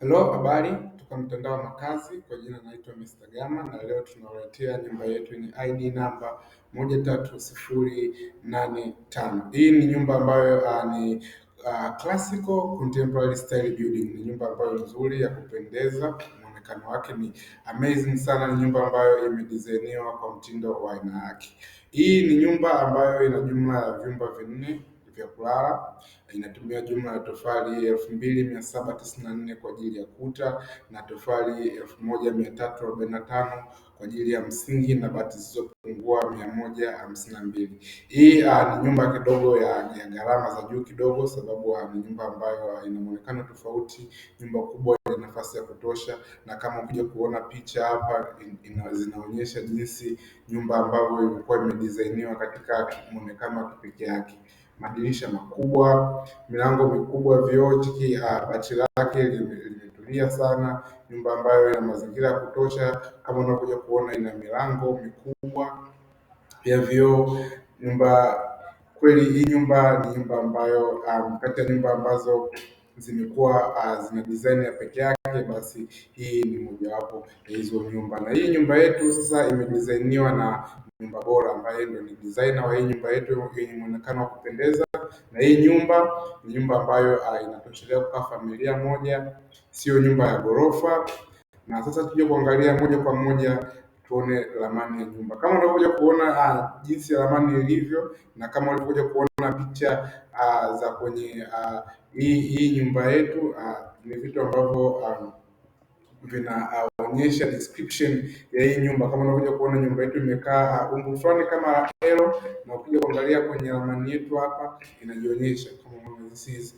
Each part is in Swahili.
Hello, habari, tuko mtandao wa makazi. Kwa jina naitwa Mr. Gama na leo tunawaletea nyumba yetu yenye ID namba tano. Hii ni nyumba ambayo uh, ni uh, classical contemporary style building. Ni nyumba ambayo nzuri ya kupendeza, muonekano wake ni amazing sana. Ni nyumba ambayo imedizainiwa kwa mtindo wa aina yake. Hii ni nyumba ambayo ina jumla ya vyumba vinne vya kulala. Inatumia jumla ya tofali elfu mbili mia saba tisini na nne kwa ajili ya kuta na tofali elfu moja mia tatu arobaini na tano kwa ajili ya msingi na bati zilizopungua mia moja hamsini na mbili. Hii uh, ni nyumba kidogo ya, ya gharama za juu kidogo, sababu uh, ni nyumba ambayo ah, ina muonekano tofauti. Nyumba kubwa ina nafasi ya kutosha, na kama ukija kuona picha hapa in, zinaonyesha jinsi nyumba ambavyo ilikuwa imedizainiwa katika muonekano wa kipekee yake madirisha makubwa, milango mikubwa, vioo chini ya bati lake limetulia sana. Nyumba ambayo ina mazingira ya kutosha kama unavyokuja kuona, ina milango mikubwa ya vioo. Nyumba kweli, hii nyumba ni nyumba ambayo ah, kati ya nyumba ambazo zimekuwa ah, zina design ya pekee yake yake basi hii ni mojawapo ya hizo nyumba. Na hii nyumba yetu sasa imedisainiwa na nyumba bora ambaye ndio ni designer wa hii nyumba yetu yenye muonekano wa kupendeza. Na hii nyumba ni nyumba ambayo ah, inatoshelea kukaa familia moja, sio nyumba ya ghorofa. Na sasa tuje kuangalia moja kwa moja tuone ramani ya nyumba. Kama unavyokuja kuona ah, jinsi ya ramani ilivyo na kama ulivyokuja kuona picha ah, za kwenye ah, hii hii nyumba yetu ah, ni vitu ambavyo um, vinaonyesha uh, description ya hii nyumba. Kama unavyokuja kuona nyumba yetu imekaa uh, umbo fulani kama la L, na ukija kuangalia kwenye ramani yetu hapa inajionyesha kama this is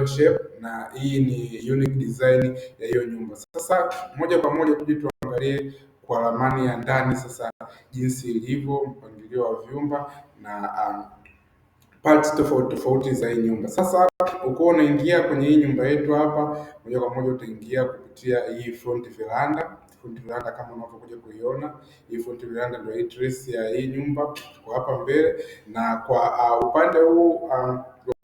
L shape, na hii ni unique design ya hiyo nyumba. Sasa moja kwa moja kuja tuangalie kwa ramani ya ndani sasa jinsi ilivyo, mpangilio wa vyumba na um, parts tofauti tofauti za hii nyumba. Sasa ukiwa unaingia kwenye hii nyumba yetu hapa, moja kwa moja utaingia kupitia hii front veranda. Front veranda kama unavyokuja kuiona, hii front veranda ndio address ya hii nyumba kwa hapa mbele, na kwa uh, upande huu uh,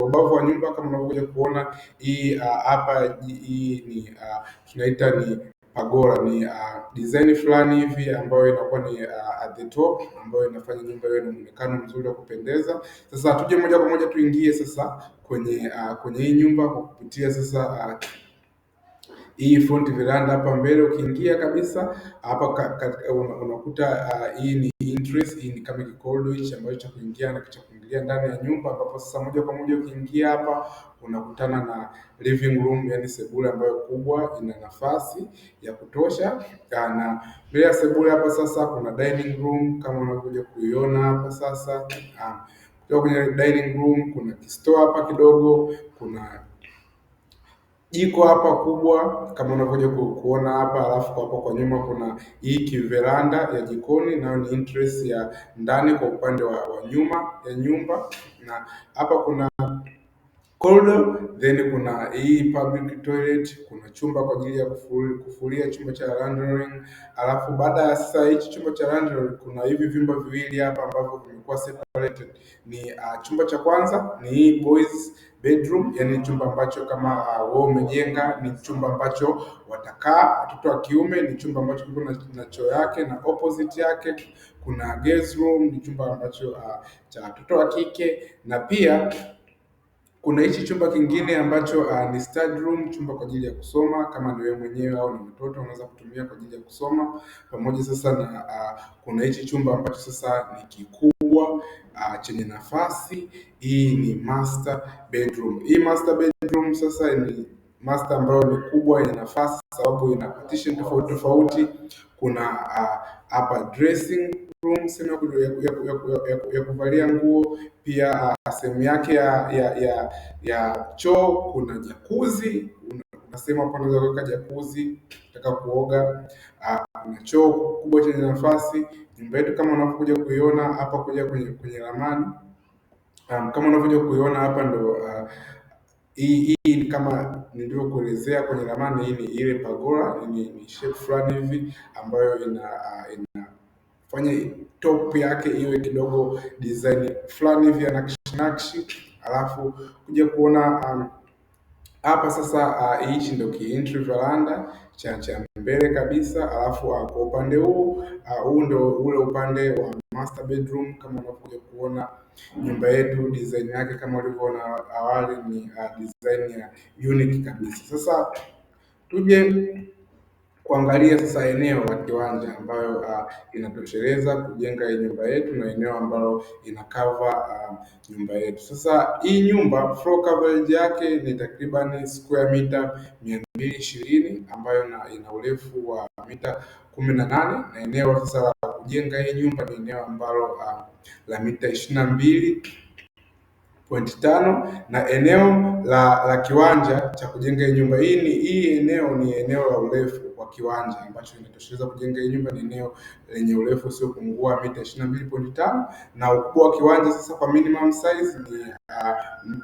ubavu wa nyumba kama unavyokuja kuona hii uh, hapa hii ni uh, tunaita ni pagora ni uh, design fulani hivi ambayo inakuwa ni uh, at the top ambayo inafanya nyumba iwe na muonekano mzuri wa kupendeza. Sasa tuje moja kwa moja tuingie sasa kwenye uh, kwenye hii nyumba kwa kupitia sasa uh, hii front veranda hapa mbele ukiingia kabisa hapa unakuta uh, hii ni interest, hii ni kama kikorido hichi ambacho cha kuingia na cha kuingilia ndani ya nyumba, ambapo sasa moja kwa moja ukiingia hapa unakutana na living room, yani sebule ambayo kubwa ina nafasi ya kutosha, ah, na mbele ya sebule hapa sasa kuna dining room kama unakuja kuiona hapa sasa. Ah, kutoka kwenye dining room kuna kistoa hapa kidogo kuna Jiko hapa kubwa kama unavyokuja kuona hapa, alafu hapo kwa nyuma kuna hii kiveranda ya jikoni, nayo ni interest ya ndani kwa upande wa, wa nyuma ya nyumba, na hapa kuna corridor then kuna hii public toilet, kuna chumba kwa ajili ya kufulia, chumba cha laundry Alafu baada ya sasa hichi chumba cha laundry kuna hivi vyumba viwili hapa ambavyo vimekuwa separated. Ni uh, chumba cha kwanza ni hii boys bedroom, yani chumba ambacho kama uh, ah, wao umejenga ni chumba ambacho watakaa watoto wa kiume, ni chumba ambacho kiko na choo yake na opposite yake kuna guest room, ni chumba ambacho uh, cha watoto wa kike na pia kuna hichi chumba kingine ambacho uh, ni study room, chumba kwa ajili ya kusoma. Kama ni wewe mwenyewe au ni mtoto, unaweza kutumia kwa ajili ya kusoma pamoja. Sasa na uh, kuna hichi chumba ambacho sasa ni kikubwa uh, chenye nafasi. Hii ni master bedroom. Hii master bedroom sasa ni master ambayo ni kubwa yenye nafasi, sababu ina partition tofauti tofauti. Kuna uh, hapa dressing room sehemu ya, ya, ya, ya kuvalia nguo, pia uh, sehemu yake ya ya, ya, ya choo. Kuna jakuzi, kuna sehemu hapo unaweza kuweka jakuzi taka kuoga. Uh, kuna choo kubwa chenye nafasi. Nyumba yetu kama unavyokuja kuiona hapa kuja kwenye kwenye ramani um, kama unavyokuja kuiona hapa ndo uh, hii hii ni kama nilivyokuelezea kwenye ramani, hii ni ile pagola ni shape fulani hivi ambayo ina ah, inafanya top yake iwe kidogo design fulani hivi ya nakshi nakshi, alafu kuja kuona um, hapa sasa ah, hichi ndio ki entry veranda cha cha mbele kabisa, alafu uh, kwa upande huu huu ndio ule upande wa Master bedroom kama unavyokuja kuona nyumba yetu, design yake kama ulivyoona awali ni uh, design ya unique kabisa. Sasa tuje kuangalia sasa eneo la kiwanja ambayo uh, inatosheleza kujenga nyumba yetu na eneo ambalo cover uh, nyumba yetu. Sasa hii nyumba floor coverage yake ni takriban square mita mia mbili ishirini ambayo na, ina urefu wa mita kumi na nane na eneo sasa kujenga hii nyumba ni eneo ambalo uh, la mita ishirini na mbili pointi tano na eneo la, la kiwanja cha kujenga hii nyumba hii, ni, hii eneo ni eneo la urefu wa kiwanja ambacho inatosheleza kujenga hii nyumba. Ni eneo lenye urefu usiopungua mita 22.5 na ukubwa wa kiwanja sasa kwa minimum size ni uh,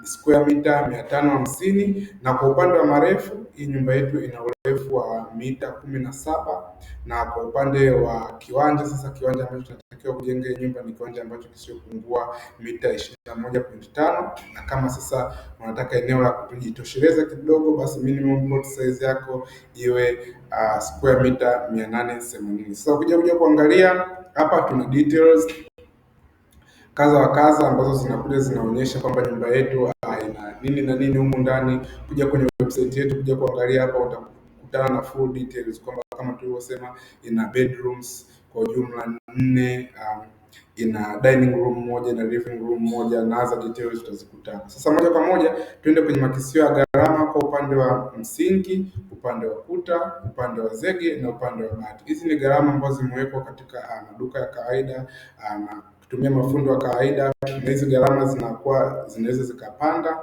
square mita 550, na kwa upande wa marefu hii nyumba yetu ina urefu wa mita 17, na kwa upande wa kiwanja sasa, kiwanja ambacho tunatakiwa kujenga hii nyumba ni kiwanja ambacho kisiopungua mita 21.5, na kama sasa unataka eneo la kujitosheleza kidogo, basi minimum lot size yako iwe uh, square meter 880. Sasa ukija kuja kuangalia hapa tuna details kadha wa kadha ambazo zinakuja zinaonyesha kwamba nyumba yetu ina nini na nini humu ndani. Kuja kwenye website yetu kuja kuangalia hapa utakutana na full details kwamba kama tulivyosema ina bedrooms kwa jumla nne um, ina dining room moja na living room moja na other details tutazikutana. Sasa moja kwa moja tuende kwenye makisio ya gharama kwa upande wa msingi, upande wa kuta, upande wa zege na upande wa bati. Hizi ni gharama ambazo zimewekwa katika ah, maduka ya kawaida ah, na kutumia mafundo ya kawaida, na hizi gharama zinakuwa zinaweza zikapanda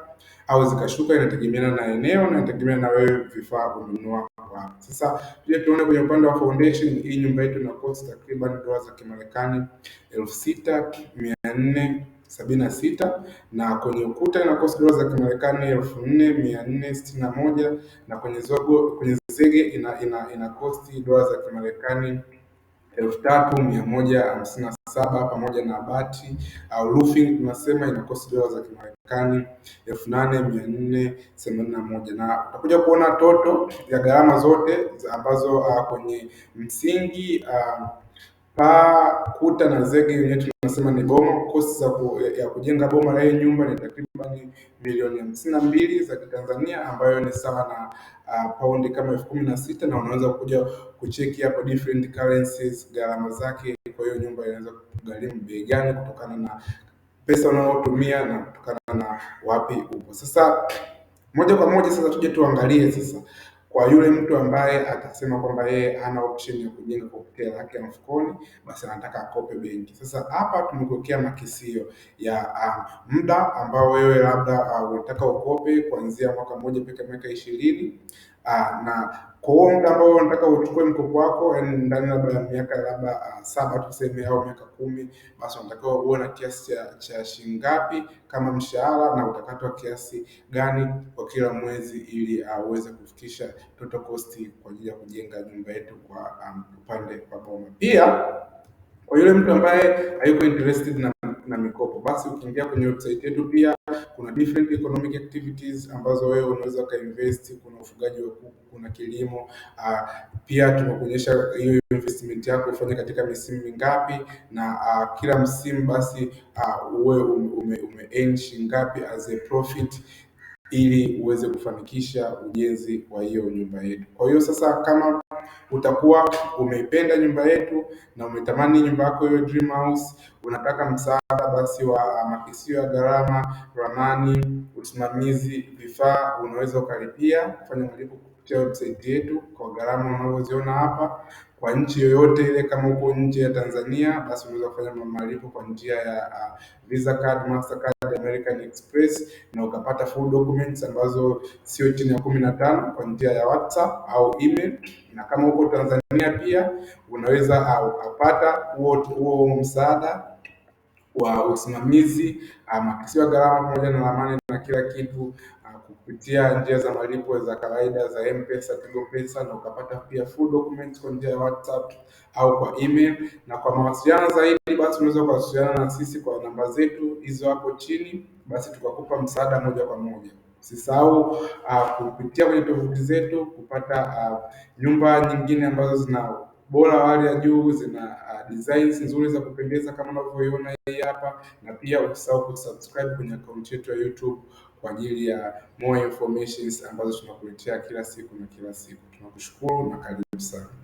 au zikashuka, inategemeana na eneo na inategemeana na wewe vifaa kununua wapi. Sasa pia tuone kwenye upande wa foundation, hii nyumba yetu ina cost takriban dola za Kimarekani elfu sita mia nne sabini na sita na kwenye ukuta ina cost dola za Kimarekani elfu nne mia nne sitini na moja na kwenye zogo, kwenye zege ina ina, ina cost dola za Kimarekani elfu tatu mia moja hamsini na saba pamoja na bati au roofing tunasema cost dola za Kimarekani elfu nane mia nne themanini na moja na utakuja kuona toto ya gharama zote ambazo uh, kwenye msingi uh, Paa, kuta na zege yenyewe tunasema ni boma. Kosti za ku, ya kujenga boma la hii nyumba ni takriban milioni hamsini na mbili za Kitanzania ambayo ni sawa na uh, paundi kama elfu kumi na sita na unaweza kuja kucheki hapo different currencies gharama zake. Kwa hiyo nyumba inaweza kugharimu bei gani kutokana na pesa unayotumia na kutokana na wapi upo. Sasa moja kwa moja sasa tuje tuangalie sasa kwa yule mtu ambaye atasema kwamba yeye hana option ya kujenga kwa kupitia haki ya mfukoni, basi anataka akope benki. Sasa hapa tumetokea makisio ya uh, muda ambao wewe labda uh, unataka uh, ukope kuanzia mwaka mmoja mpaka miaka ishirini uh, na kwa huo muda ambao unataka uchukue mkopo wako, yani ndani labda ya miaka labda ah, saba tuseme au miaka kumi, basi unatakiwa uwe na kiasi cha, cha shilingi ngapi kama mshahara na utakatwa kiasi gani kwa kila mwezi, ili uweze uh, kufikisha total cost kwa ajili ya kujenga nyumba yetu kwa um, upande wa boma. Pia kwa yule mtu ambaye hayuko interested na, na mikopo, basi ukiingia kwenye website yetu pia kuna different economic activities ambazo wewe unaweza ukainvest. Kuna ufugaji wa kuku, kuna kilimo uh, pia tumekuonyesha hiyo investment yako ufanye katika misimu mingapi na uh, kila msimu basi uh, uwe ume, ume earn ngapi as a profit ili uweze kufanikisha ujenzi wa hiyo nyumba yetu. Kwa hiyo sasa kama utakuwa umeipenda nyumba yetu na umetamani nyumba yako iwe dream house. Unataka msaada basi wa makisio ya gharama, ramani, usimamizi, vifaa, unaweza ukalipia kufanya malipo kupitia website yetu kwa gharama unazoziona hapa kwa nchi yoyote ile, kama uko nje ya Tanzania, basi unaweza kufanya malipo kwa njia ya uh, Visa card, Mastercard, American Express na ukapata full documents ambazo sio chini ya kumi na tano kwa njia ya WhatsApp au email. Na kama uko Tanzania pia unaweza ukapata huo huo msaada wa usimamizi makisio gharama pamoja na ramani na kila kitu kupitia njia za malipo za kawaida za M-Pesa, Tigo Pesa na ukapata pia full documents kwa njia ya WhatsApp au kwa email. Na kwa mawasiliano zaidi, basi unaweza kuwasiliana na sisi kwa namba zetu hizo hapo chini, basi tukakupa msaada moja kwa moja. Usisahau uh, kupitia kwenye tovuti zetu kupata uh, nyumba nyingine ambazo zina bora wa hali ya juu, zina uh, designs nzuri za kupendeza kama unavyoiona hii hapa, na pia usisahau kusubscribe kwenye akaunti yetu ya YouTube kwa ajili ya more informations ambazo tunakuletea kila siku na kila siku. Tunakushukuru na karibu sana.